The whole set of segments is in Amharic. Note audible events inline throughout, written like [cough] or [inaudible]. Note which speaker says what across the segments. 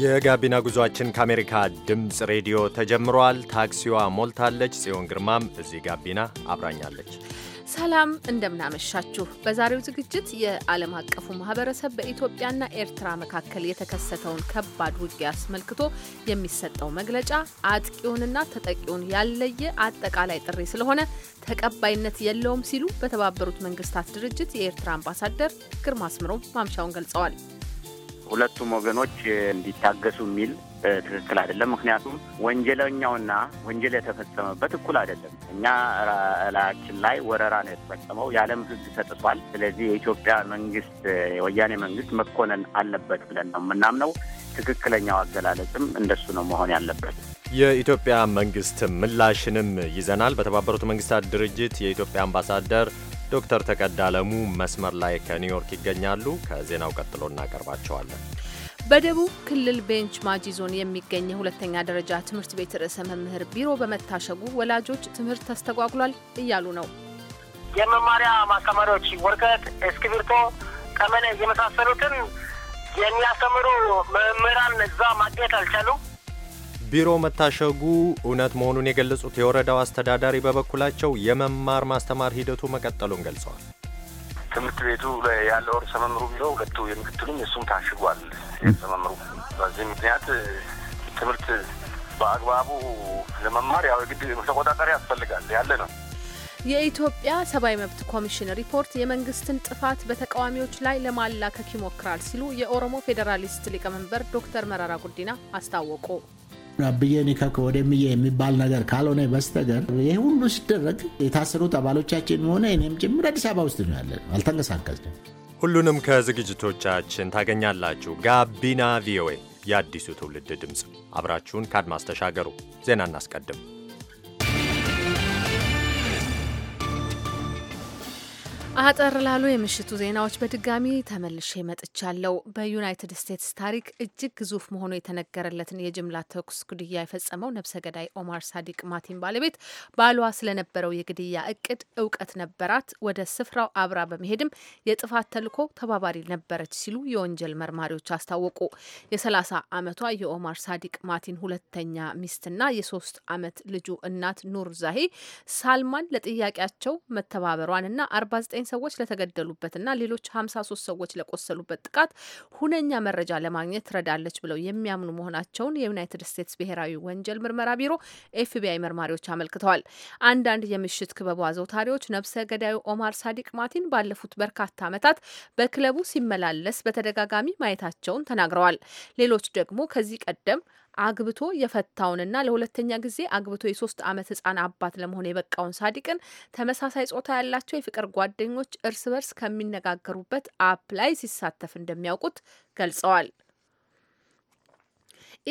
Speaker 1: የጋቢና ጉዟችን ከአሜሪካ ድምፅ ሬዲዮ ተጀምሯል። ታክሲዋ ሞልታለች። ጽዮን ግርማም እዚህ ጋቢና አብራኛለች።
Speaker 2: ሰላም እንደምናመሻችሁ። በዛሬው ዝግጅት የዓለም አቀፉ ማህበረሰብ በኢትዮጵያና ኤርትራ መካከል የተከሰተውን ከባድ ውጊያ አስመልክቶ የሚሰጠው መግለጫ አጥቂውንና ተጠቂውን ያለየ አጠቃላይ ጥሪ ስለሆነ ተቀባይነት የለውም ሲሉ በተባበሩት መንግስታት ድርጅት የኤርትራ አምባሳደር ግርማ አስመሮም ማምሻውን ገልጸዋል።
Speaker 3: ሁለቱም ወገኖች እንዲታገሱ የሚል ትክክል አይደለም። ምክንያቱም ወንጀለኛውና ወንጀል የተፈጸመበት እኩል አይደለም። እኛ እላያችን ላይ ወረራ ነው የተፈጸመው፣ የዓለም ሕግ ተጥሷል። ስለዚህ የኢትዮጵያ መንግስት የወያኔ መንግስት መኮነን አለበት ብለን ነው የምናምነው። ትክክለኛው አገላለጽም እንደሱ ነው መሆን ያለበት።
Speaker 1: የኢትዮጵያ መንግስት ምላሽንም ይዘናል። በተባበሩት መንግስታት ድርጅት የኢትዮጵያ አምባሳደር ዶክተር ተቀዳ አለሙ መስመር ላይ ከኒውዮርክ ይገኛሉ። ከዜናው ቀጥሎ እናቀርባቸዋለን።
Speaker 2: በደቡብ ክልል ቤንች ማጂ ዞን የሚገኝ የሁለተኛ ደረጃ ትምህርት ቤት ርዕሰ መምህር ቢሮ በመታሸጉ ወላጆች ትምህርት ተስተጓጉሏል እያሉ ነው።
Speaker 4: የመማሪያ ማስተማሪያዎች ወረቀት፣ እስክሪብቶ፣ ጠመኔ የመሳሰሉትን
Speaker 5: የሚያስተምሩ መምህራን እዛ ማግኘት አልቻሉም።
Speaker 1: ቢሮ መታሸጉ እውነት መሆኑን የገለጹት የወረዳው አስተዳዳሪ በበኩላቸው የመማር ማስተማር ሂደቱ መቀጠሉን ገልጸዋል።
Speaker 3: ትምህርት ቤቱ ያለው ርዕሰ መምህሩ ቢሮ ሁለቱ የምክትሉም
Speaker 6: እሱም ታሽጓል። ርዕሰ መምህሩ በዚህ ምክንያት ትምህርት በአግባቡ ለመማር ያው የግድ ተቆጣጣሪ ያስፈልጋል ያለ ነው።
Speaker 2: የኢትዮጵያ ሰብአዊ መብት ኮሚሽን ሪፖርት የመንግስትን ጥፋት በተቃዋሚዎች ላይ ለማላከክ ይሞክራል ሲሉ የኦሮሞ ፌዴራሊስት ሊቀመንበር ዶክተር መረራ ጉዲና አስታወቁ።
Speaker 4: አብዬ ኒከክ ወደምዬ የሚባል ነገር ካልሆነ በስተቀር ይህ ሁሉ ሲደረግ የታሰሩት አባሎቻችን ሆነ እኔም ጭምር አዲስ አበባ ውስጥ ነው ያለን፣ አልተንቀሳቀስንም።
Speaker 1: ሁሉንም ከዝግጅቶቻችን ታገኛላችሁ። ጋቢና ቪኦኤ፣ የአዲሱ ትውልድ ድምፅ። አብራችሁን ከአድማስ ተሻገሩ። ዜና እናስቀድም።
Speaker 2: አጠር ላሉ የምሽቱ ዜናዎች በድጋሚ ተመልሼ መጥቻለሁ። በዩናይትድ ስቴትስ ታሪክ እጅግ ግዙፍ መሆኑ የተነገረለትን የጅምላ ተኩስ ግድያ የፈጸመው ነብሰ ገዳይ ኦማር ሳዲቅ ማቲን ባለቤት ባሏ ስለነበረው የግድያ እቅድ እውቀት ነበራት፣ ወደ ስፍራው አብራ በመሄድም የጥፋት ተልኮ ተባባሪ ነበረች ሲሉ የወንጀል መርማሪዎች አስታወቁ። የ30 ዓመቷ የኦማር ሳዲቅ ማቲን ሁለተኛ ሚስትና የሶስት ዓመት ልጁ እናት ኑር ዛሄ ሳልማን ለጥያቄያቸው መተባበሯንና 49 ዘጠኝ ሰዎች ለተገደሉበትና ሌሎች ሀምሳ ሶስት ሰዎች ለቆሰሉበት ጥቃት ሁነኛ መረጃ ለማግኘት ትረዳለች ብለው የሚያምኑ መሆናቸውን የዩናይትድ ስቴትስ ብሔራዊ ወንጀል ምርመራ ቢሮ ኤፍቢአይ መርማሪዎች አመልክተዋል። አንዳንድ የምሽት ክበቡ አዘውታሪዎች ነብሰ ገዳዩ ኦማር ሳዲቅ ማቲን ባለፉት በርካታ ዓመታት በክለቡ ሲመላለስ በተደጋጋሚ ማየታቸውን ተናግረዋል። ሌሎች ደግሞ ከዚህ ቀደም አግብቶ የፈታውንና ለሁለተኛ ጊዜ አግብቶ የሶስት ዓመት ህጻን አባት ለመሆን የበቃውን ሳዲቅን ተመሳሳይ ጾታ ያላቸው የፍቅር ጓደኞች እርስ በርስ ከሚነጋገሩበት አፕ ላይ ሲሳተፍ እንደሚያውቁት ገልጸዋል።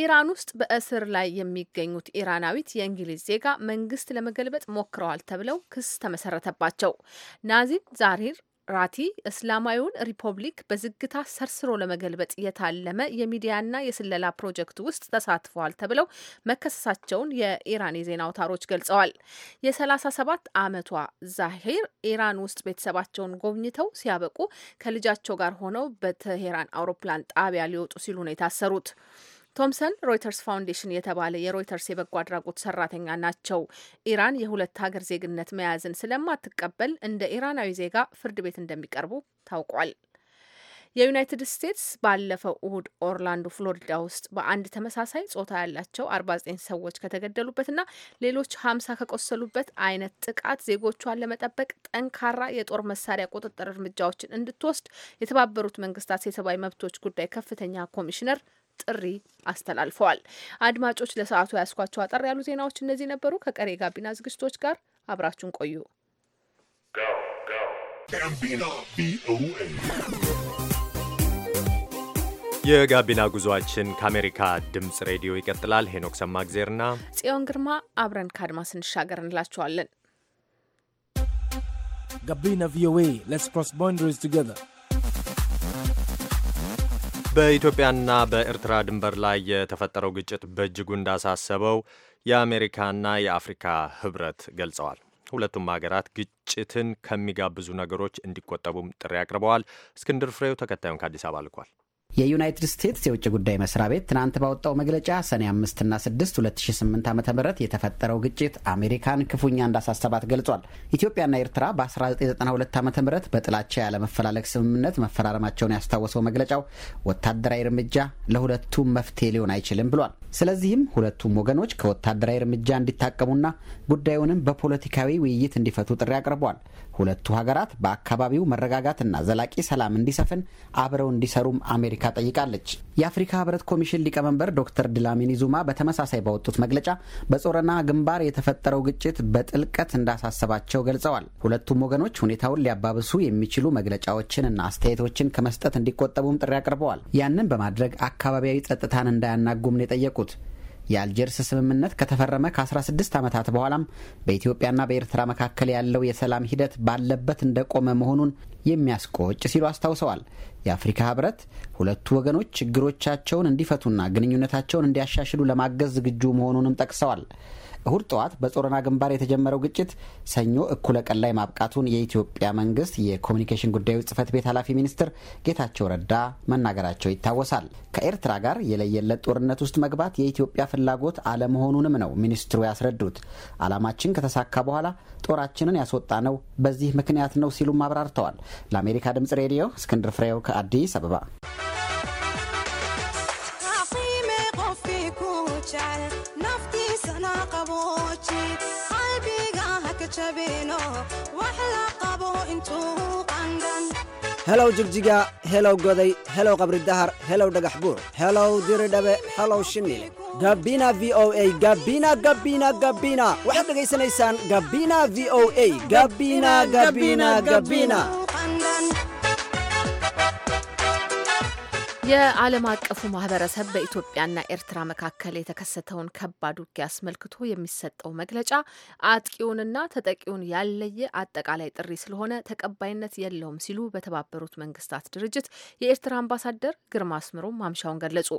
Speaker 2: ኢራን ውስጥ በእስር ላይ የሚገኙት ኢራናዊት የእንግሊዝ ዜጋ መንግስት ለመገልበጥ ሞክረዋል ተብለው ክስ ተመሰረተባቸው። ናዚን ዛሪር ራቲ እስላማዊውን ሪፐብሊክ በዝግታ ሰርስሮ ለመገልበጥ የታለመ የሚዲያና የስለላ ፕሮጀክት ውስጥ ተሳትፈዋል ተብለው መከሰሳቸውን የኢራን የዜና አውታሮች ገልጸዋል። የ37 ዓመቷ ዛሄር ኢራን ውስጥ ቤተሰባቸውን ጎብኝተው ሲያበቁ ከልጃቸው ጋር ሆነው በትሄራን አውሮፕላን ጣቢያ ሊወጡ ሲሉ ነው የታሰሩት። ቶምሰን ሮይተርስ ፋውንዴሽን የተባለ የሮይተርስ የበጎ አድራጎት ሰራተኛ ናቸው። ኢራን የሁለት ሀገር ዜግነት መያዝን ስለማትቀበል እንደ ኢራናዊ ዜጋ ፍርድ ቤት እንደሚቀርቡ ታውቋል። የዩናይትድ ስቴትስ ባለፈው እሁድ ኦርላንዶ ፍሎሪዳ ውስጥ በአንድ ተመሳሳይ ጾታ ያላቸው 49 ሰዎች ከተገደሉበትና ሌሎች 50 ከቆሰሉበት አይነት ጥቃት ዜጎቿን ለመጠበቅ ጠንካራ የጦር መሳሪያ ቁጥጥር እርምጃዎችን እንድትወስድ የተባበሩት መንግስታት የሰብአዊ መብቶች ጉዳይ ከፍተኛ ኮሚሽነር ጥሪ አስተላልፈዋል። አድማጮች ለሰዓቱ ያስኳቸው አጠር ያሉ ዜናዎች እነዚህ ነበሩ። ከቀሬ የጋቢና ዝግጅቶች ጋር አብራችሁን ቆዩ።
Speaker 1: የጋቢና ጉዞአችን ከአሜሪካ ድምፅ ሬዲዮ ይቀጥላል። ሄኖክ ሰማግዜርና
Speaker 2: ጽዮን ግርማ አብረን ከአድማስ እንሻገር እንላችኋለን።
Speaker 4: ጋቢና ቪኦኤ ስ ፕሮስ ቦንደሪስ ቱገር
Speaker 1: በኢትዮጵያና በኤርትራ ድንበር ላይ የተፈጠረው ግጭት በእጅጉ እንዳሳሰበው የአሜሪካና የአፍሪካ ህብረት ገልጸዋል። ሁለቱም ሀገራት ግጭትን ከሚጋብዙ ነገሮች እንዲቆጠቡም ጥሪ አቅርበዋል። እስክንድር ፍሬው ተከታዩን ከአዲስ አበባ ልኳል።
Speaker 5: የዩናይትድ ስቴትስ የውጭ ጉዳይ መስሪያ ቤት ትናንት ባወጣው መግለጫ ሰኔ 5ና 6 2008 ዓ ም የተፈጠረው ግጭት አሜሪካን ክፉኛ እንዳሳሰባት ገልጿል። ኢትዮጵያና ኤርትራ በ1992 ዓ ም በጥላቻ ያለመፈላለግ ስምምነት መፈራረማቸውን ያስታወሰው መግለጫው ወታደራዊ እርምጃ ለሁለቱም መፍትሄ ሊሆን አይችልም ብሏል። ስለዚህም ሁለቱም ወገኖች ከወታደራዊ እርምጃ እንዲታቀሙና ጉዳዩንም በፖለቲካዊ ውይይት እንዲፈቱ ጥሪ አቅርበዋል። ሁለቱ ሀገራት በአካባቢው መረጋጋትና ዘላቂ ሰላም እንዲሰፍን አብረው እንዲሰሩም አሜሪካ ጠይቃለች። የአፍሪካ ህብረት ኮሚሽን ሊቀመንበር ዶክተር ድላሚኒ ዙማ በተመሳሳይ ባወጡት መግለጫ በጾረና ግንባር የተፈጠረው ግጭት በጥልቀት እንዳሳሰባቸው ገልጸዋል። ሁለቱም ወገኖች ሁኔታውን ሊያባብሱ የሚችሉ መግለጫዎችንና አስተያየቶችን ከመስጠት እንዲቆጠቡም ጥሪ አቅርበዋል። ያንን በማድረግ አካባቢያዊ ጸጥታን እንዳያናጉም ነው ያስታወቁት። የአልጀርስ ስምምነት ከተፈረመ ከ16 ዓመታት በኋላም በኢትዮጵያና በኤርትራ መካከል ያለው የሰላም ሂደት ባለበት እንደቆመ መሆኑን የሚያስቆጭ ሲሉ አስታውሰዋል። የአፍሪካ ህብረት ሁለቱ ወገኖች ችግሮቻቸውን እንዲፈቱና ግንኙነታቸውን እንዲያሻሽሉ ለማገዝ ዝግጁ መሆኑንም ጠቅሰዋል። እሁድ ጠዋት በጾረና ግንባር የተጀመረው ግጭት ሰኞ እኩለ ቀን ላይ ማብቃቱን የኢትዮጵያ መንግስት የኮሚኒኬሽን ጉዳዮች ጽህፈት ቤት ኃላፊ ሚኒስትር ጌታቸው ረዳ መናገራቸው ይታወሳል። ከኤርትራ ጋር የለየለት ጦርነት ውስጥ መግባት የኢትዮጵያ ፍላጎት አለመሆኑንም ነው ሚኒስትሩ ያስረዱት። አላማችን ከተሳካ በኋላ ጦራችንን ያስወጣ ነው በዚህ ምክንያት ነው ሲሉም አብራርተዋል። ለአሜሪካ ድምጽ ሬዲዮ እስክንድር ፍሬው ከአዲስ አበባ።
Speaker 6: qabooji qalbiga haka jabino wax la qabo intuu qandan
Speaker 5: helow jigjiga helow goday helow qabri dahar helow dhagax buur helow diridhabe helow shimil gabina v o a gabina gabina gabina waxaad dhegaysanaysaan gabina v o a gabina
Speaker 6: gabina gabina, gabina.
Speaker 2: የዓለም አቀፉ ማህበረሰብ በኢትዮጵያና ኤርትራ መካከል የተከሰተውን ከባድ ውጊያ አስመልክቶ የሚሰጠው መግለጫ አጥቂውንና ተጠቂውን ያለየ አጠቃላይ ጥሪ ስለሆነ ተቀባይነት የለውም ሲሉ በተባበሩት መንግስታት ድርጅት የኤርትራ አምባሳደር ግርማ አስምሮ ማምሻውን ገለጹ።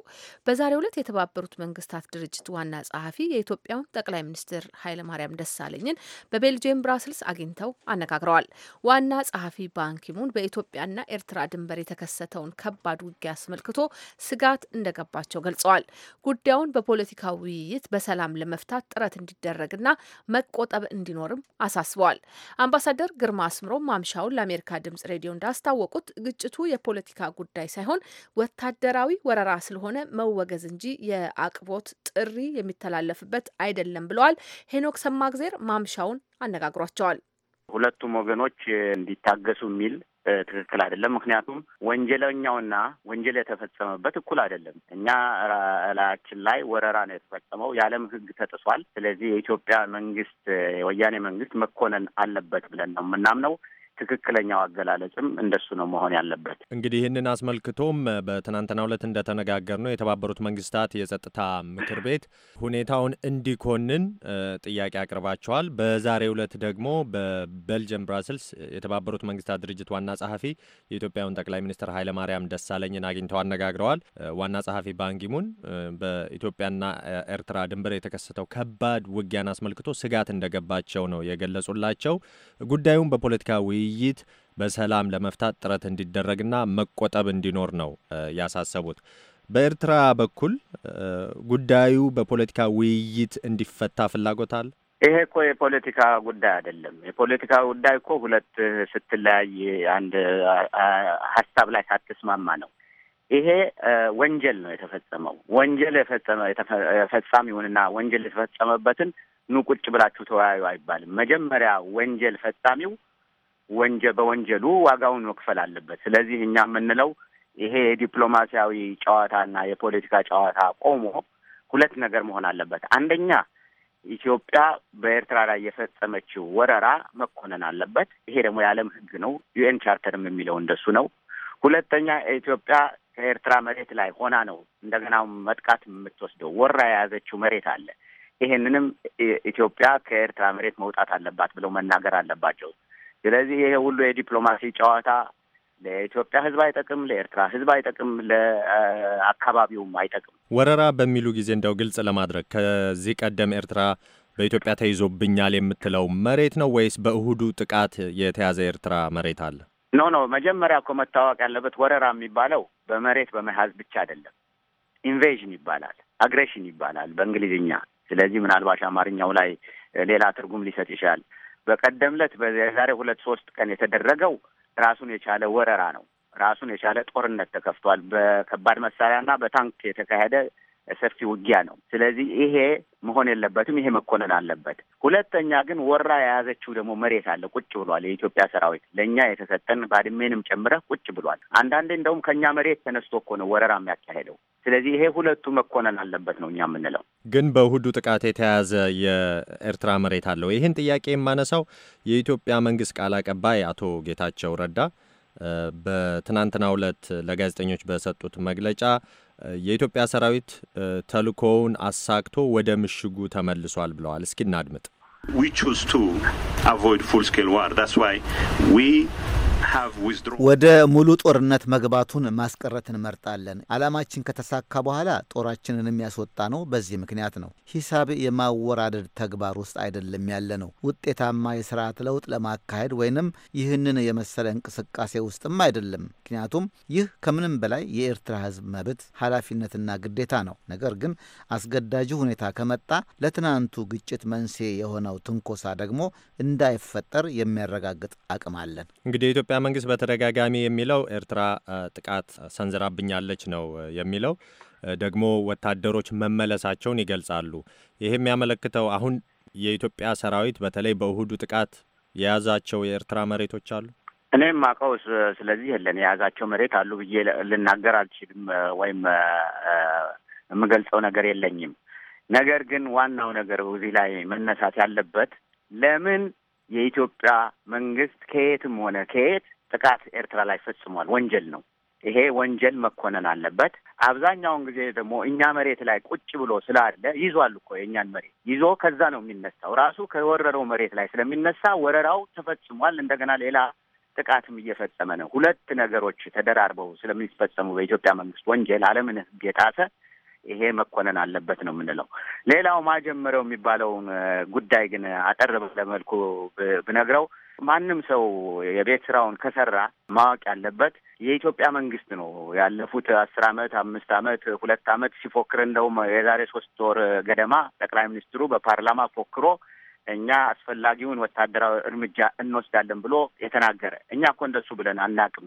Speaker 2: በዛሬው ዕለት የተባበሩት መንግስታት ድርጅት ዋና ጸሐፊ የኢትዮጵያውን ጠቅላይ ሚኒስትር ኃይለማርያም ደሳለኝን በቤልጅየም ብራስልስ አግኝተው አነጋግረዋል። ዋና ጸሐፊ ባንኪሙን በኢትዮጵያና ኤርትራ ድንበር የተከሰተውን ከባድ ውጊያ አስመልክቶ ስጋት እንደገባቸው ገልጸዋል። ጉዳዩን በፖለቲካ ውይይት በሰላም ለመፍታት ጥረት እንዲደረግና መቆጠብ እንዲኖርም አሳስበዋል። አምባሳደር ግርማ አስምሮ ማምሻውን ለአሜሪካ ድምጽ ሬዲዮ እንዳስታወቁት ግጭቱ የፖለቲካ ጉዳይ ሳይሆን ወታደራዊ ወረራ ስለሆነ መወገዝ እንጂ የአቅቦት ጥሪ የሚተላለፍበት አይደለም ብለዋል። ሄኖክ ሰማግዜር ማምሻውን አነጋግሯቸዋል።
Speaker 3: ሁለቱም ወገኖች እንዲታገሱ የሚል ትክክል አይደለም። ምክንያቱም ወንጀለኛውና ወንጀል የተፈጸመበት እኩል አይደለም። እኛ ላያችን ላይ ወረራ ነው የተፈጸመው፣ የዓለም ሕግ ተጥሷል። ስለዚህ የኢትዮጵያ መንግስት፣ የወያኔ መንግስት መኮነን አለበት ብለን ነው የምናምነው። ትክክለኛው አገላለጽም እንደሱ ነው መሆን ያለበት።
Speaker 1: እንግዲህ ይህንን አስመልክቶም በትናንትናው ዕለት እንደተነጋገር ነው የተባበሩት መንግስታት የጸጥታ ምክር ቤት ሁኔታውን እንዲኮንን ጥያቄ አቅርባቸዋል። በዛሬው ዕለት ደግሞ በቤልጅየም ብራስልስ የተባበሩት መንግስታት ድርጅት ዋና ጸሐፊ የኢትዮጵያውን ጠቅላይ ሚኒስትር ኃይለማርያም ደሳለኝን አግኝተው አነጋግረዋል። ዋና ጸሐፊ ባንኪሙን በኢትዮጵያና ኤርትራ ድንበር የተከሰተው ከባድ ውጊያን አስመልክቶ ስጋት እንደገባቸው ነው የገለጹላቸው። ጉዳዩም በፖለቲካዊ ውይይት በሰላም ለመፍታት ጥረት እንዲደረግና መቆጠብ እንዲኖር ነው ያሳሰቡት። በኤርትራ በኩል ጉዳዩ በፖለቲካ ውይይት እንዲፈታ ፍላጎት አለ።
Speaker 3: ይሄ እኮ የፖለቲካ ጉዳይ አይደለም። የፖለቲካ ጉዳይ እኮ ሁለት ስትለያይ አንድ ሀሳብ ላይ ሳትስማማ ነው። ይሄ ወንጀል ነው የተፈጸመው። ወንጀል ፈጻሚውንና ወንጀል የተፈጸመበትን ኑ ቁጭ ብላችሁ ተወያዩ አይባልም። መጀመሪያ ወንጀል ፈጻሚው ወንጀ በወንጀሉ ዋጋውን መክፈል አለበት። ስለዚህ እኛ የምንለው ይሄ የዲፕሎማሲያዊ ጨዋታና የፖለቲካ ጨዋታ ቆሞ ሁለት ነገር መሆን አለበት። አንደኛ ኢትዮጵያ በኤርትራ ላይ የፈጸመችው ወረራ መኮነን አለበት። ይሄ ደግሞ የዓለም ሕግ ነው። ዩኤን ቻርተርም የሚለው እንደሱ ነው። ሁለተኛ ኢትዮጵያ ከኤርትራ መሬት ላይ ሆና ነው እንደገና መጥቃት የምትወስደው ወራ የያዘችው መሬት አለ። ይሄንንም ኢትዮጵያ ከኤርትራ መሬት መውጣት አለባት ብለው መናገር አለባቸው። ስለዚህ ይሄ ሁሉ የዲፕሎማሲ ጨዋታ ለኢትዮጵያ ሕዝብ አይጠቅም፣ ለኤርትራ ሕዝብ አይጠቅም፣ ለአካባቢውም አይጠቅም።
Speaker 1: ወረራ በሚሉ ጊዜ እንደው ግልጽ ለማድረግ ከዚህ ቀደም ኤርትራ በኢትዮጵያ ተይዞብኛል የምትለው መሬት ነው ወይስ በእሁዱ ጥቃት የተያዘ ኤርትራ መሬት አለ?
Speaker 3: ኖ ኖ መጀመሪያ እኮ መታወቅ ያለበት ወረራ የሚባለው በመሬት በመያዝ ብቻ አይደለም። ኢንቬዥን ይባላል፣ አግሬሽን ይባላል በእንግሊዝኛ። ስለዚህ ምናልባት አማርኛው ላይ ሌላ ትርጉም ሊሰጥ ይችላል። በቀደም ዕለት የዛሬ ሁለት ሶስት ቀን የተደረገው ራሱን የቻለ ወረራ ነው። ራሱን የቻለ ጦርነት ተከፍቷል። በከባድ መሳሪያና በታንክ የተካሄደ ሰፊ ውጊያ ነው። ስለዚህ ይሄ መሆን የለበትም። ይሄ መኮነን አለበት። ሁለተኛ ግን ወራ የያዘችው ደግሞ መሬት አለ ቁጭ ብሏል። የኢትዮጵያ ሰራዊት ለእኛ የተሰጠን ባድሜንም ጨምረህ ቁጭ ብሏል። አንዳንዴ እንደውም ከእኛ መሬት ተነስቶ እኮ ነው ወረራ የሚያካሄደው። ስለዚህ ይሄ ሁለቱ መኮነን አለበት ነው እኛ የምንለው።
Speaker 1: ግን በእሁዱ ጥቃት የተያዘ የኤርትራ መሬት አለው። ይህን ጥያቄ የማነሳው የኢትዮጵያ መንግስት ቃል አቀባይ አቶ ጌታቸው ረዳ በትናንትናው ዕለት ለጋዜጠኞች በሰጡት መግለጫ የኢትዮጵያ ሰራዊት ተልእኮውን አሳክቶ ወደ ምሽጉ ተመልሷል ብለዋል። እስኪ እናድምጥ። We choose to avoid full-scale war. That's why we
Speaker 4: ወደ ሙሉ ጦርነት መግባቱን ማስቀረት እንመርጣለን። ዓላማችን ከተሳካ በኋላ ጦራችንን የሚያስወጣ ነው። በዚህ ምክንያት ነው ሂሳብ የማወራደድ ተግባር ውስጥ አይደለም ያለ ነው። ውጤታማ የስርዓት ለውጥ ለማካሄድ ወይንም ይህንን የመሰለ እንቅስቃሴ ውስጥም አይደለም። ምክንያቱም ይህ ከምንም በላይ የኤርትራ ሕዝብ መብት ኃላፊነትና ግዴታ ነው። ነገር ግን አስገዳጅ ሁኔታ ከመጣ ለትናንቱ ግጭት መንስኤ የሆነው ትንኮሳ ደግሞ እንዳይፈጠር የሚያረጋግጥ አቅም አለን።
Speaker 1: እንግዲህ የኢትዮጵያ መንግስት በተደጋጋሚ የሚለው ኤርትራ ጥቃት ሰንዝራብኛለች ነው የሚለው። ደግሞ ወታደሮች መመለሳቸውን ይገልጻሉ። ይህ የሚያመለክተው አሁን የኢትዮጵያ ሰራዊት በተለይ በእሁዱ ጥቃት የያዛቸው የኤርትራ መሬቶች አሉ።
Speaker 3: እኔም ማቀው ስለዚህ የለን የያዛቸው መሬት አሉ ብዬ ልናገር አልችልም፣ ወይም የምገልጸው ነገር የለኝም። ነገር ግን ዋናው ነገር እዚህ ላይ መነሳት ያለበት ለምን የኢትዮጵያ መንግስት ከየትም ሆነ ከየት ጥቃት ኤርትራ ላይ ፈጽሟል። ወንጀል ነው። ይሄ ወንጀል መኮነን አለበት። አብዛኛውን ጊዜ ደግሞ እኛ መሬት ላይ ቁጭ ብሎ ስላለ ይዟል እኮ የእኛን መሬት ይዞ ከዛ ነው የሚነሳው። ራሱ ከወረረው መሬት ላይ ስለሚነሳ ወረራው ተፈጽሟል። እንደገና ሌላ ጥቃትም እየፈጸመ ነው። ሁለት ነገሮች ተደራርበው ስለሚፈጸሙ በኢትዮጵያ መንግስት ወንጀል ዓለምን ሕግ የጣሰ ይሄ መኮነን አለበት ነው የምንለው። ሌላው ማጀመሪያው የሚባለውን ጉዳይ ግን አጠር ባለ መልኩ ብነግረው ማንም ሰው የቤት ስራውን ከሰራ ማወቅ ያለበት የኢትዮጵያ መንግስት ነው። ያለፉት አስር አመት አምስት አመት ሁለት አመት ሲፎክር እንደውም የዛሬ ሶስት ወር ገደማ ጠቅላይ ሚኒስትሩ በፓርላማ ፎክሮ እኛ አስፈላጊውን ወታደራዊ እርምጃ እንወስዳለን ብሎ የተናገረ እኛ እኮ እንደሱ ብለን አናቅም።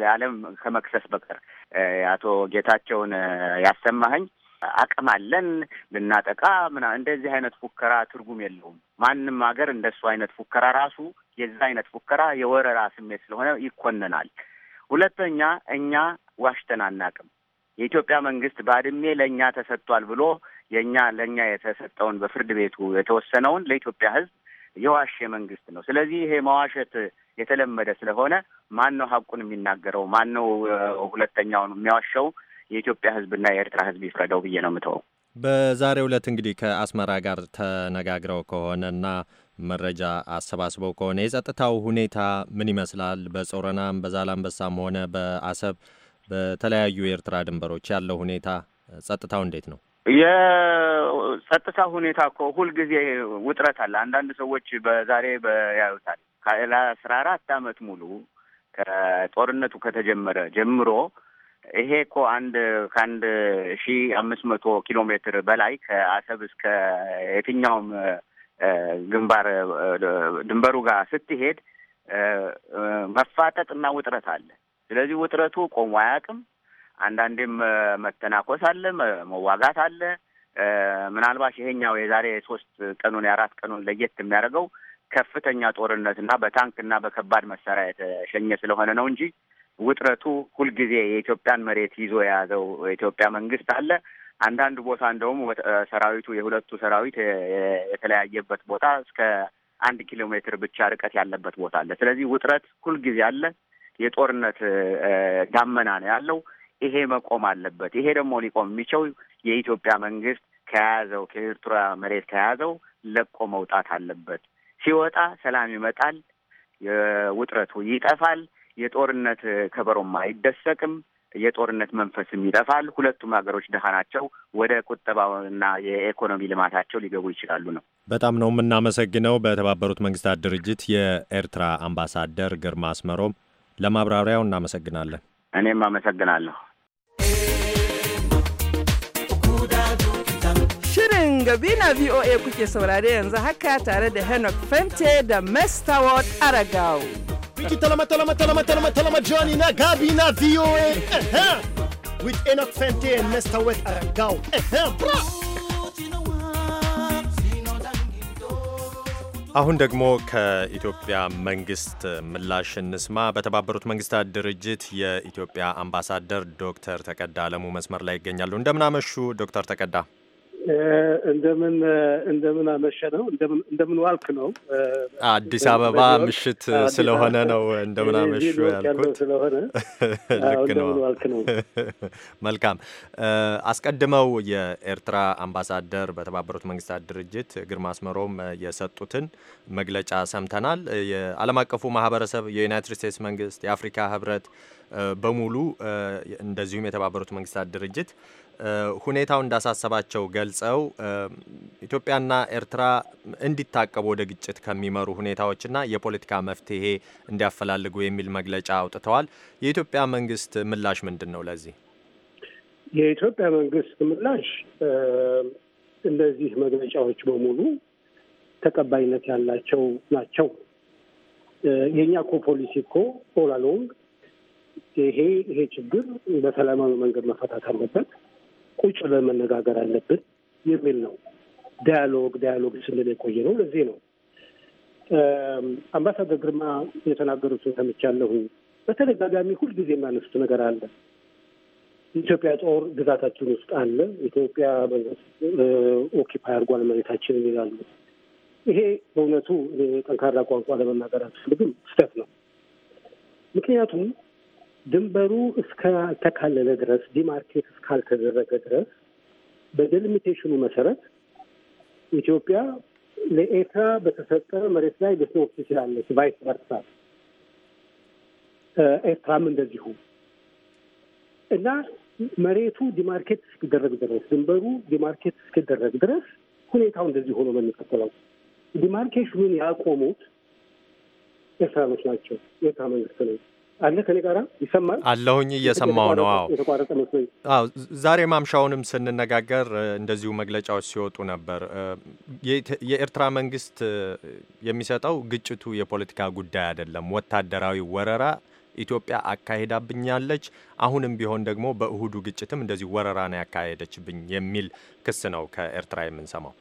Speaker 3: ለዓለም ከመክሰስ በቀር አቶ ጌታቸውን ያሰማኸኝ አቅም አለን ልናጠቃ ምና እንደዚህ አይነት ፉከራ ትርጉም የለውም። ማንም ሀገር እንደሱ አይነት ፉከራ ራሱ የዛ አይነት ፉከራ የወረራ ስሜት ስለሆነ ይኮነናል። ሁለተኛ እኛ ዋሽተን አናቅም። የኢትዮጵያ መንግስት ባድሜ ለእኛ ተሰጥቷል ብሎ የእኛ ለእኛ የተሰጠውን በፍርድ ቤቱ የተወሰነውን ለኢትዮጵያ ሕዝብ የዋሸ መንግስት ነው። ስለዚህ ይሄ መዋሸት የተለመደ ስለሆነ ማን ነው ሀቁን የሚናገረው? ማን ነው ሁለተኛውን የሚያዋሸው? የኢትዮጵያ ህዝብና የኤርትራ ህዝብ ይፍረደው ብዬ ነው የምተወው።
Speaker 1: በዛሬ ዕለት እንግዲህ ከአስመራ ጋር ተነጋግረው ከሆነና መረጃ አሰባስበው ከሆነ የጸጥታው ሁኔታ ምን ይመስላል? በጾረናም በዛላንበሳም ሆነ በአሰብ በተለያዩ የኤርትራ ድንበሮች ያለው ሁኔታ ጸጥታው እንዴት ነው?
Speaker 3: የጸጥታ ሁኔታ እኮ ሁልጊዜ ውጥረት አለ። አንዳንድ ሰዎች በዛሬ ያዩታል። ለአስራ አራት አመት ሙሉ ከጦርነቱ ከተጀመረ ጀምሮ ይሄ እኮ አንድ ከአንድ ሺ አምስት መቶ ኪሎ ሜትር በላይ ከአሰብ እስከ የትኛውም ግንባር ድንበሩ ጋር ስትሄድ መፋጠጥ እና ውጥረት አለ። ስለዚህ ውጥረቱ ቆሞ አያውቅም። አንዳንዴም መተናኮስ አለ፣ መዋጋት አለ። ምናልባት ይሄኛው የዛሬ ሶስት ቀኑን የአራት ቀኑን ለየት የሚያደርገው ከፍተኛ ጦርነትና በታንክና በከባድ መሳሪያ የተሸኘ ስለሆነ ነው እንጂ ውጥረቱ ሁልጊዜ የኢትዮጵያን መሬት ይዞ የያዘው የኢትዮጵያ መንግስት አለ። አንዳንድ ቦታ እንደውም ሰራዊቱ የሁለቱ ሰራዊት የተለያየበት ቦታ እስከ አንድ ኪሎ ሜትር ብቻ ርቀት ያለበት ቦታ አለ። ስለዚህ ውጥረት ሁልጊዜ አለ። የጦርነት ዳመና ነው ያለው። ይሄ መቆም አለበት። ይሄ ደግሞ ሊቆም የሚችለው የኢትዮጵያ መንግስት ከያዘው ከኤርትራ መሬት ከያዘው ለቆ መውጣት አለበት። ሲወጣ ሰላም ይመጣል፣ የውጥረቱ ይጠፋል፣ የጦርነት ከበሮም አይደሰቅም፣ የጦርነት መንፈስም ይጠፋል። ሁለቱም ሀገሮች ድሀ ናቸው፣ ወደ ቁጠባና የኢኮኖሚ ልማታቸው ሊገቡ ይችላሉ ነው።
Speaker 1: በጣም ነው የምናመሰግነው። በተባበሩት መንግስታት ድርጅት የኤርትራ አምባሳደር ግርማ አስመሮም ለማብራሪያው እናመሰግናለን። እኔም አመሰግናለሁ።
Speaker 4: Gabina VOA kuke saurare yanzu haka tare da Enoch Fente da Ward Aragao. Wiki talama talama talama talama talama Johnny na Gabina VOA. With Enoch Fente and Ward Aragao.
Speaker 1: አሁን ደግሞ ከኢትዮጵያ መንግስት ምላሽ እንስማ። በተባበሩት መንግስታት ድርጅት የኢትዮጵያ አምባሳደር ዶክተር ተቀዳ አለሙ መስመር ላይ ይገኛሉ። እንደምናመሹ ዶክተር ተቀዳ
Speaker 7: እንደምን እንደምን አመሸ [laughs] ነው እንደምን ዋልክ ነው። አዲስ አበባ ምሽት ስለሆነ ነው እንደምን አመሹ ያልኩት ስለሆነ ልክ ነው።
Speaker 1: መልካም አስቀድመው የኤርትራ አምባሳደር በተባበሩት መንግስታት ድርጅት ግርማ አስመሮም የሰጡትን መግለጫ ሰምተናል። የዓለም አቀፉ ማህበረሰብ፣ የዩናይትድ ስቴትስ መንግስት፣ የአፍሪካ ህብረት በሙሉ እንደዚሁም የተባበሩት መንግስታት ድርጅት ሁኔታው እንዳሳሰባቸው ገልጸው ኢትዮጵያና ኤርትራ እንዲታቀቡ ወደ ግጭት ከሚመሩ ሁኔታዎችና የፖለቲካ መፍትሄ እንዲያፈላልጉ የሚል መግለጫ አውጥተዋል። የኢትዮጵያ መንግስት ምላሽ ምንድን ነው? ለዚህ
Speaker 7: የኢትዮጵያ መንግስት ምላሽ እነዚህ መግለጫዎች በሙሉ ተቀባይነት ያላቸው ናቸው። የእኛ ኮ ፖሊሲ ኮ ኦላሎንግ ይሄ ይሄ ችግር በሰላማዊ መንገድ መፈታት አለበት ቁጭ ብለን መነጋገር አለብን የሚል ነው። ዳያሎግ ዳያሎግ ስንል የቆየ ነው። ለዚህ ነው አምባሳደር ግርማ የተናገሩትን ሰምቻለሁ። በተደጋጋሚ ሁልጊዜ የማነሱት ነገር አለ። ኢትዮጵያ ጦር ግዛታችን ውስጥ አለ፣ ኢትዮጵያ መንግስት ኦኪፓይ አድርጓል መሬታችንን ይላሉ። ይሄ በእውነቱ ጠንካራ ቋንቋ ለመናገር አልፈልግም፣ ስህተት ነው። ምክንያቱም ድንበሩ እስካልተካለለ ድረስ ዲማርኬት እስካልተደረገ ድረስ በደሊሚቴሽኑ መሰረት ኢትዮጵያ ለኤርትራ በተሰጠ መሬት ላይ ልትኖር ትችላለች። ቫይስ ቨርሳ ኤርትራም እንደዚሁ እና መሬቱ ዲማርኬት እስኪደረግ ድረስ ድንበሩ ዲማርኬት እስኪደረግ ድረስ ሁኔታው እንደዚህ ሆኖ በሚቀጥለው ዲማርኬሽኑን ያቆሙት ኤርትራኖች ናቸው። ኤርትራ መንግስት ነው። አለ ከኔ ጋራ ይሰማል
Speaker 1: አለሁኝ እየሰማው ነው አዎ የተቋረጠ መስሎኝ አዎ ዛሬ ማምሻውንም ስንነጋገር እንደዚሁ መግለጫዎች ሲወጡ ነበር የኤርትራ መንግስት የሚሰጠው ግጭቱ የፖለቲካ ጉዳይ አይደለም ወታደራዊ ወረራ ኢትዮጵያ አካሄዳብኛለች አሁንም ቢሆን ደግሞ በእሁዱ ግጭትም እንደዚህ ወረራ ነው ያካሄደችብኝ የሚል ክስ ነው ከኤርትራ የምንሰማው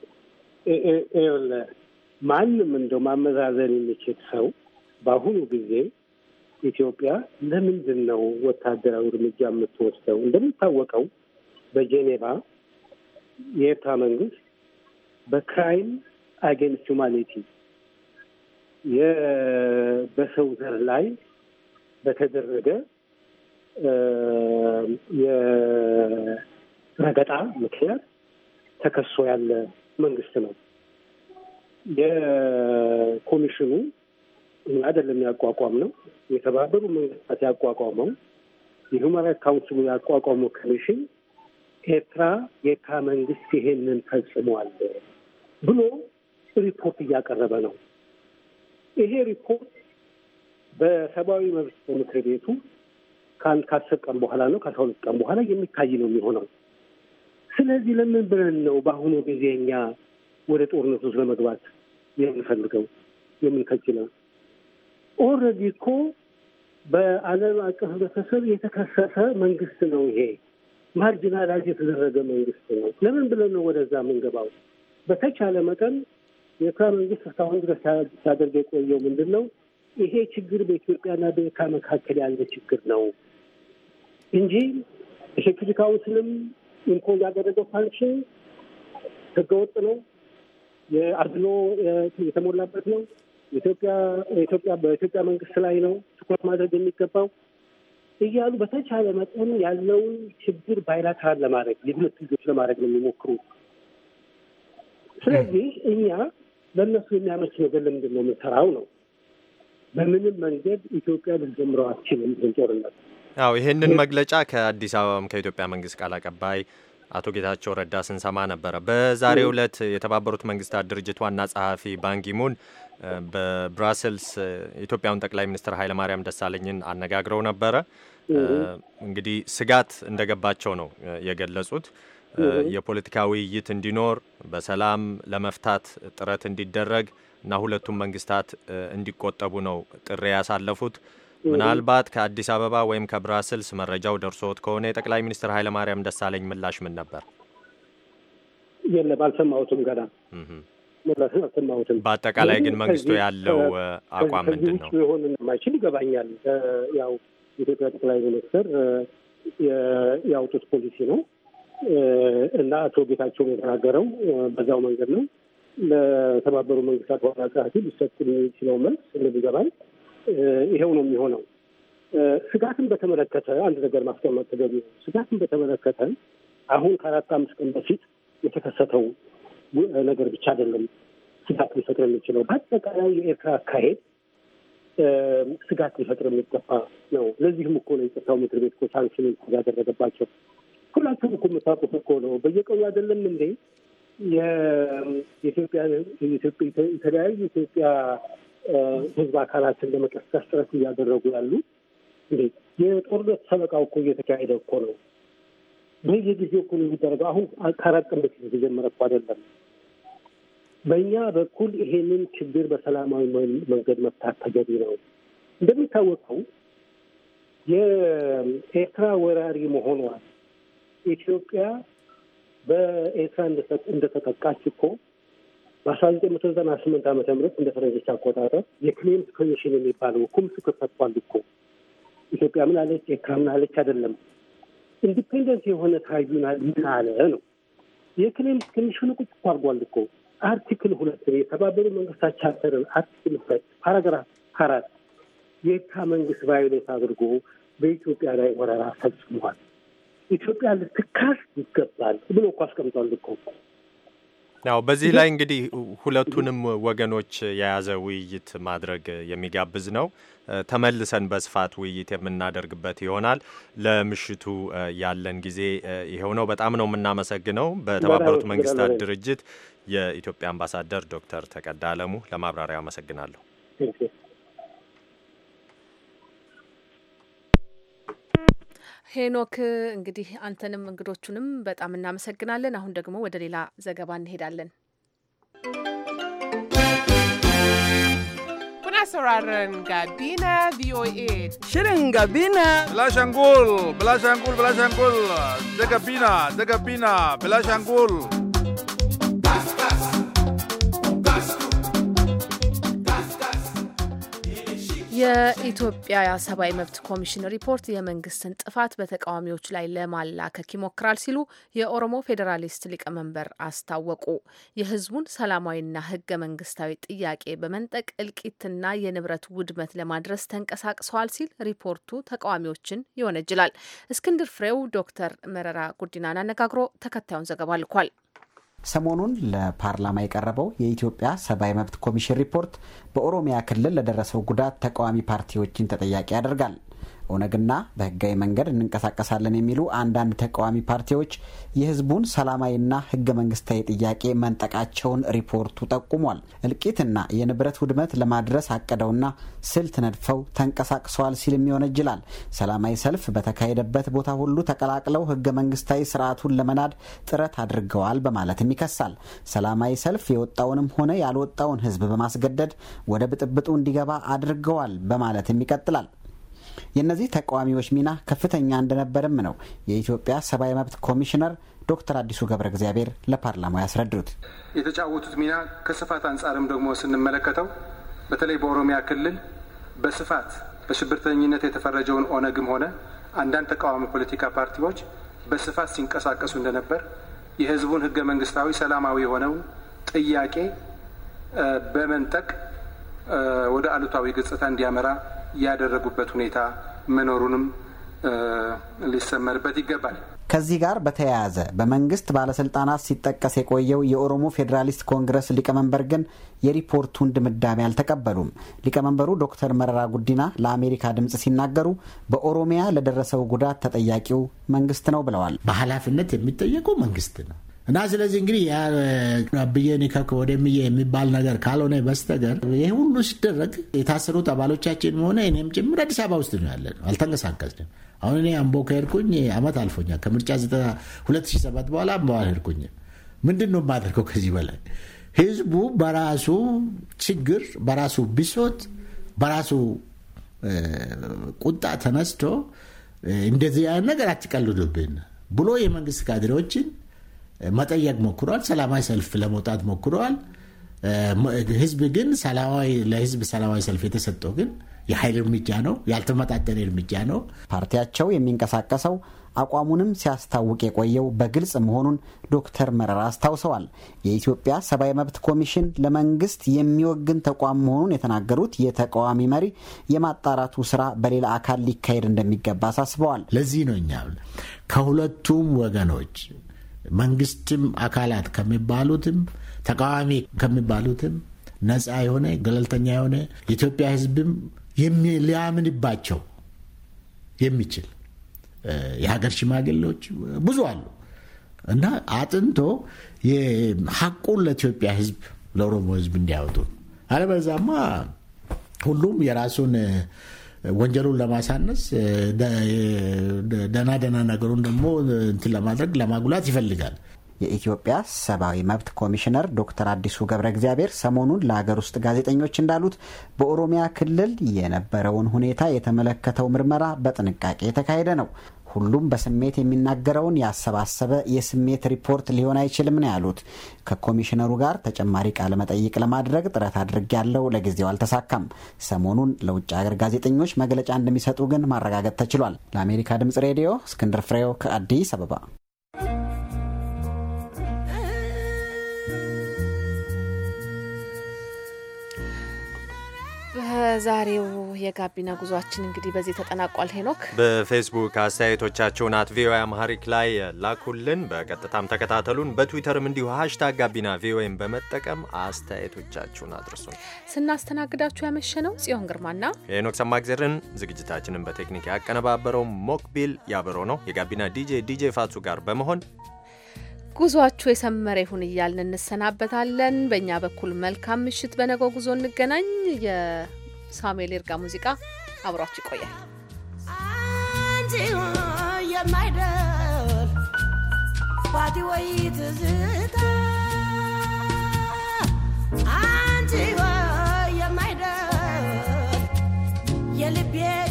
Speaker 7: ማንም እንደው ማመዛዘን የሚችል ሰው በአሁኑ ጊዜ ኢትዮጵያ ለምንድን ነው ወታደራዊ እርምጃ የምትወስደው? እንደሚታወቀው በጄኔቫ የኤርትራ መንግስት በክራይም አጌንስት ሁማኒቲ በሰው ዘር ላይ በተደረገ የረገጣ ምክንያት ተከሶ ያለ መንግስት ነው። የኮሚሽኑ አይደለም ያቋቋም ነው የተባበሩ መንግስታት ያቋቋመው የሁማን ራይት ካውንስሉ ያቋቋመው ኮሚሽን ኤርትራ የኤርትራ መንግስት ይሄንን ፈጽሟል ብሎ ሪፖርት እያቀረበ ነው። ይሄ ሪፖርት በሰብአዊ መብት ምክር ቤቱ ከአንድ ከአስር ቀን በኋላ ነው ከአስራ ሁለት ቀን በኋላ የሚታይ ነው የሚሆነው። ስለዚህ ለምን ብለን ነው በአሁኑ ጊዜ እኛ ወደ ጦርነት ውስጥ ለመግባት የምንፈልገው የምንከጅለው? ኦልሬዲ እኮ በዓለም አቀፍ ህብረተሰብ የተከሰሰ መንግስት ነው። ይሄ ማርጂናላይዝ የተደረገ መንግስት ነው። ለምን ብለን ነው ወደዛ የምንገባው? በተቻለ መጠን የኤርትራ መንግስት እስካሁን ድረስ ሲያደርግ የቆየው ምንድን ነው? ይሄ ችግር በኢትዮጵያና በኤርትራ መካከል ያለ ችግር ነው እንጂ የሴኩሪቲ ካውንስልም ኢምፖዝ ያደረገው ፋንክሽን ህገወጥ ነው፣ የአድሎ የተሞላበት ነው ኢትዮጵያ ኢትዮጵያ በኢትዮጵያ መንግስት ላይ ነው ትኩረት ማድረግ የሚገባው እያሉ በተቻለ መጠን ያለውን ችግር ባይላተራል ለማድረግ የሁለት ልጆች ለማድረግ ነው የሚሞክሩ። ስለዚህ እኛ ለእነሱ የሚያመች ነገር ለምንድን ነው የምንሰራው ነው። በምንም መንገድ ኢትዮጵያ ልትጀምረው አትችልም ይህን ጦርነት።
Speaker 1: አዎ ይህንን መግለጫ ከአዲስ አበባም ከኢትዮጵያ መንግስት ቃል አቀባይ አቶ ጌታቸው ረዳ ስንሰማ ነበረ። በዛሬው ዕለት የተባበሩት መንግስታት ድርጅት ዋና ጸሐፊ ባንኪሙን በብራሰልስ የኢትዮጵያውን ጠቅላይ ሚኒስትር ኃይለማርያም ደሳለኝን አነጋግረው ነበረ። እንግዲህ ስጋት እንደገባቸው ነው የገለጹት። የፖለቲካ ውይይት እንዲኖር በሰላም ለመፍታት ጥረት እንዲደረግ እና ሁለቱም መንግስታት እንዲቆጠቡ ነው ጥሪ ያሳለፉት። ምናልባት ከአዲስ አበባ ወይም ከብራስልስ መረጃው ደርሶት ከሆነ የጠቅላይ ሚኒስትር ኃይለማርያም ደሳለኝ ምላሽ ምን ነበር?
Speaker 7: የለም አልሰማሁትም ገና አልሰማሁትም። በአጠቃላይ ግን መንግስቱ ያለው አቋም ምንድን ነው? ሊሆን እንደማይችል ይገባኛል። ያው የኢትዮጵያ ጠቅላይ ሚኒስትር ያውጡት ፖሊሲ ነው እና አቶ ጌታቸውም የተናገረው በዛው መንገድ ነው። ለተባበሩ መንግስታት ዋና ጸሐፊ ሊሰጥ የሚችለው መልስ እንደሚገባኝ ይሄው ነው የሚሆነው። ስጋትን በተመለከተ አንድ ነገር ማስቀመጥ ተገቢ ነው። ስጋትን በተመለከተ አሁን ከአራት አምስት ቀን በፊት የተከሰተው ነገር ብቻ አይደለም ስጋት ሊፈጥር የሚችለው በአጠቃላይ የኤርትራ አካሄድ ስጋት ሊፈጥር የሚገባ ነው። ለዚህም እኮ ነው የጸጥታው ምክር ቤት እኮ ሳንክሽን ያደረገባቸው። ሁላችሁም እኮ የምታውቁት እኮ ነው። በየቀኑ አይደለም እንዴ የተለያዩ ኢትዮጵያ ህዝብ አካላትን ለመቀስቀስ ጥረት እያደረጉ ያሉ እንዴ የጦርነት ሰበቃው እኮ እየተካሄደ እኮ ነው። በየጊዜው እኮ ነው የሚደረገው። አሁን ከአራት ቀን በፊት የተጀመረ እኮ አይደለም። በእኛ በኩል ይሄንን ችግር በሰላማዊ መንገድ መፍታት ተገቢ ነው። እንደሚታወቀው የኤርትራ ወራሪ መሆኗ ኢትዮጵያ በኤርትራ እንደተጠቃች እኮ በአስራ ዘጠኝ መቶ ዘጠና ስምንት ዓመተ ምህረት እንደ ፈረንጆች አቆጣጠር የክሌምስ ኮሚሽን የሚባለው እኮ ምስክር ሰጥቷል እኮ ኢትዮጵያ ምን አለች፣ ኤርትራ ምን አለች አይደለም ኢንዲፔንደንት የሆነ ትራይቢናል ምን አለ ነው። የክሌምስ ኮሚሽኑ ቁጭ አድርጓል እኮ አርቲክል ሁለት የተባበሩ መንግስታት ቻርተርን አርቲክል ሁለት ፓራግራፍ አራት የካ መንግስት ቫዮሌት አድርጎ በኢትዮጵያ ላይ ወረራ ፈጽሟል። ኢትዮጵያ ልትካስ ይገባል ብሎ እኮ አስቀምጧል። ልኮ
Speaker 1: ያው በዚህ ላይ እንግዲህ ሁለቱንም ወገኖች የያዘ ውይይት ማድረግ የሚጋብዝ ነው። ተመልሰን በስፋት ውይይት የምናደርግበት ይሆናል። ለምሽቱ ያለን ጊዜ ይኸው ነው። በጣም ነው የምናመሰግነው። በተባበሩት መንግስታት ድርጅት የኢትዮጵያ አምባሳደር ዶክተር ተቀዳ አለሙ ለማብራሪያ አመሰግናለሁ።
Speaker 2: ሄኖክ እንግዲህ አንተንም እንግዶቹንም በጣም እናመሰግናለን። አሁን ደግሞ ወደ ሌላ ዘገባ እንሄዳለን።
Speaker 4: ሰራረን ጋቢና ቪኦኤ ብላሻንጉል ብላሻንጉል ብላሻንጉል ዘጋቢና ብላሻንጉል
Speaker 2: የኢትዮጵያ ሰብአዊ መብት ኮሚሽን ሪፖርት የመንግስትን ጥፋት በተቃዋሚዎች ላይ ለማላከክ ይሞክራል ሲሉ የኦሮሞ ፌዴራሊስት ሊቀመንበር አስታወቁ። የህዝቡን ሰላማዊና ህገ መንግስታዊ ጥያቄ በመንጠቅ እልቂትና የንብረት ውድመት ለማድረስ ተንቀሳቅሰዋል ሲል ሪፖርቱ ተቃዋሚዎችን ይወነጅላል። እስክንድር ፍሬው ዶክተር መረራ ጉዲናን አነጋግሮ ተከታዩን ዘገባ ልኳል።
Speaker 5: ሰሞኑን ለፓርላማ የቀረበው የኢትዮጵያ ሰብአዊ መብት ኮሚሽን ሪፖርት በኦሮሚያ ክልል ለደረሰው ጉዳት ተቃዋሚ ፓርቲዎችን ተጠያቂ ያደርጋል። ኦነግና በህጋዊ መንገድ እንንቀሳቀሳለን የሚሉ አንዳንድ ተቃዋሚ ፓርቲዎች የህዝቡን ሰላማዊና ህገ መንግስታዊ ጥያቄ መንጠቃቸውን ሪፖርቱ ጠቁሟል። እልቂትና የንብረት ውድመት ለማድረስ አቅደውና ስልት ነድፈው ተንቀሳቅሰዋል ሲልም ይወነጅላል። ሰላማዊ ሰልፍ በተካሄደበት ቦታ ሁሉ ተቀላቅለው ህገ መንግስታዊ ስርዓቱን ለመናድ ጥረት አድርገዋል በማለትም ይከሳል። ሰላማዊ ሰልፍ የወጣውንም ሆነ ያልወጣውን ህዝብ በማስገደድ ወደ ብጥብጡ እንዲገባ አድርገዋል በማለትም ይቀጥላል። የእነዚህ ተቃዋሚዎች ሚና ከፍተኛ እንደነበርም ነው የኢትዮጵያ ሰብአዊ መብት ኮሚሽነር ዶክተር አዲሱ ገብረ እግዚአብሔር ለፓርላማው ያስረዱት።
Speaker 7: የተጫወቱት ሚና ከስፋት አንጻርም ደግሞ ስንመለከተው በተለይ በኦሮሚያ ክልል በስፋት በሽብርተኝነት የተፈረጀውን ኦነግም ሆነ አንዳንድ ተቃዋሚ ፖለቲካ ፓርቲዎች በስፋት ሲንቀሳቀሱ እንደነበር የህዝቡን ህገ መንግስታዊ ሰላማዊ የሆነው ጥያቄ በመንጠቅ ወደ አሉታዊ ገጽታ እንዲያመራ ያደረጉበት ሁኔታ መኖሩንም ሊሰመርበት ይገባል።
Speaker 5: ከዚህ ጋር በተያያዘ በመንግስት ባለስልጣናት ሲጠቀስ የቆየው የኦሮሞ ፌዴራሊስት ኮንግረስ ሊቀመንበር ግን የሪፖርቱን ድምዳሜ አልተቀበሉም። ሊቀመንበሩ ዶክተር መረራ ጉዲና ለአሜሪካ ድምፅ ሲናገሩ በኦሮሚያ ለደረሰው ጉዳት ተጠያቂው መንግስት ነው
Speaker 4: ብለዋል። በኃላፊነት የሚጠየቀው መንግስት ነው እና ስለዚህ እንግዲህ አብዬን ከክ ወደምዬ የሚባል ነገር ካልሆነ በስተቀር ይህ ሁሉ ሲደረግ የታሰሩት አባሎቻችን ሆነ እኔም ጭምር አዲስ አበባ ውስጥ ነው ያለ፣ አልተንቀሳቀስንም። አሁን እኔ አምቦ ከሄድኩኝ አመት አልፎኛል። ከምርጫ 2007 በኋላ አምቦ አልሄድኩኝም። ምንድን ነው የማደርገው ከዚህ በላይ? ህዝቡ በራሱ ችግር፣ በራሱ ብሶት፣ በራሱ ቁጣ ተነስቶ እንደዚህ ያን ነገር አትቀልዱብን ብሎ የመንግስት ካድሬዎችን መጠየቅ ሞክረዋል። ሰላማዊ ሰልፍ ለመውጣት ሞክረዋል። ህዝብ ግን ለህዝብ ሰላማዊ ሰልፍ የተሰጠው ግን የኃይል እርምጃ ነው፣ ያልተመጣጠነ እርምጃ ነው። ፓርቲያቸው የሚንቀሳቀሰው አቋሙንም
Speaker 5: ሲያስታውቅ የቆየው በግልጽ መሆኑን ዶክተር መረራ አስታውሰዋል። የኢትዮጵያ ሰብአዊ መብት ኮሚሽን ለመንግስት የሚወግን ተቋም መሆኑን የተናገሩት የተቃዋሚ መሪ
Speaker 4: የማጣራቱ ስራ በሌላ አካል ሊካሄድ እንደሚገባ አሳስበዋል። ለዚህ ነው እኛ ከሁለቱም ወገኖች መንግስትም አካላት ከሚባሉትም ተቃዋሚ ከሚባሉትም ነፃ የሆነ ገለልተኛ የሆነ የኢትዮጵያ ህዝብም ሊያምንባቸው የሚችል የሀገር ሽማግሌዎች ብዙ አሉ እና አጥንቶ ሀቁን ለኢትዮጵያ ህዝብ ለኦሮሞ ህዝብ እንዲያወጡ አለበዛማ ሁሉም የራሱን ወንጀሉን ለማሳነስ ደና ደና ነገሩን ደግሞ እንትን ለማድረግ ለማጉላት ይፈልጋል። የኢትዮጵያ ሰብአዊ መብት ኮሚሽነር ዶክተር አዲሱ
Speaker 5: ገብረ እግዚአብሔር ሰሞኑን ለሀገር ውስጥ ጋዜጠኞች እንዳሉት በኦሮሚያ ክልል የነበረውን ሁኔታ የተመለከተው ምርመራ በጥንቃቄ የተካሄደ ነው። ሁሉም በስሜት የሚናገረውን ያሰባሰበ የስሜት ሪፖርት ሊሆን አይችልም ነው ያሉት። ከኮሚሽነሩ ጋር ተጨማሪ ቃለ መጠይቅ ለማድረግ ጥረት አድርግ ያለው ለጊዜው አልተሳካም። ሰሞኑን ለውጭ ሀገር ጋዜጠኞች መግለጫ እንደሚሰጡ ግን ማረጋገጥ ተችሏል። ለአሜሪካ ድምጽ ሬዲዮ እስክንድር ፍሬው ከአዲስ አበባ
Speaker 2: የዛሬው የጋቢና ጉዟችን እንግዲህ በዚህ ተጠናቋል። ሄኖክ
Speaker 1: በፌስቡክ አስተያየቶቻቸውን አት ቪኦኤ አማሪክ ላይ ላኩልን። በቀጥታም ተከታተሉን። በትዊተርም እንዲሁ ሀሽታግ ጋቢና ቪኦኤም በመጠቀም አስተያየቶቻችሁን አድርሱን።
Speaker 2: ስናስተናግዳችሁ ያመሸ ነው ጽዮን ግርማና
Speaker 1: ሄኖክ ሰማግዜርን። ዝግጅታችንን በቴክኒክ ያቀነባበረው ሞክቢል ያበሮ ነው። የጋቢና ዲጄ ዲጄ ፋቱ ጋር በመሆን
Speaker 2: ጉዟችሁ የሰመረ ይሁን እያልን እንሰናበታለን። በእኛ በኩል መልካም ምሽት። በነገው ጉዞ እንገናኝ። ሳሙኤል ይርጋ ሙዚቃ አብሯችሁ ይቆያል።
Speaker 6: የማይደል ፋቲ ወይ ትዝታ አንቺ የማይደል የልቤ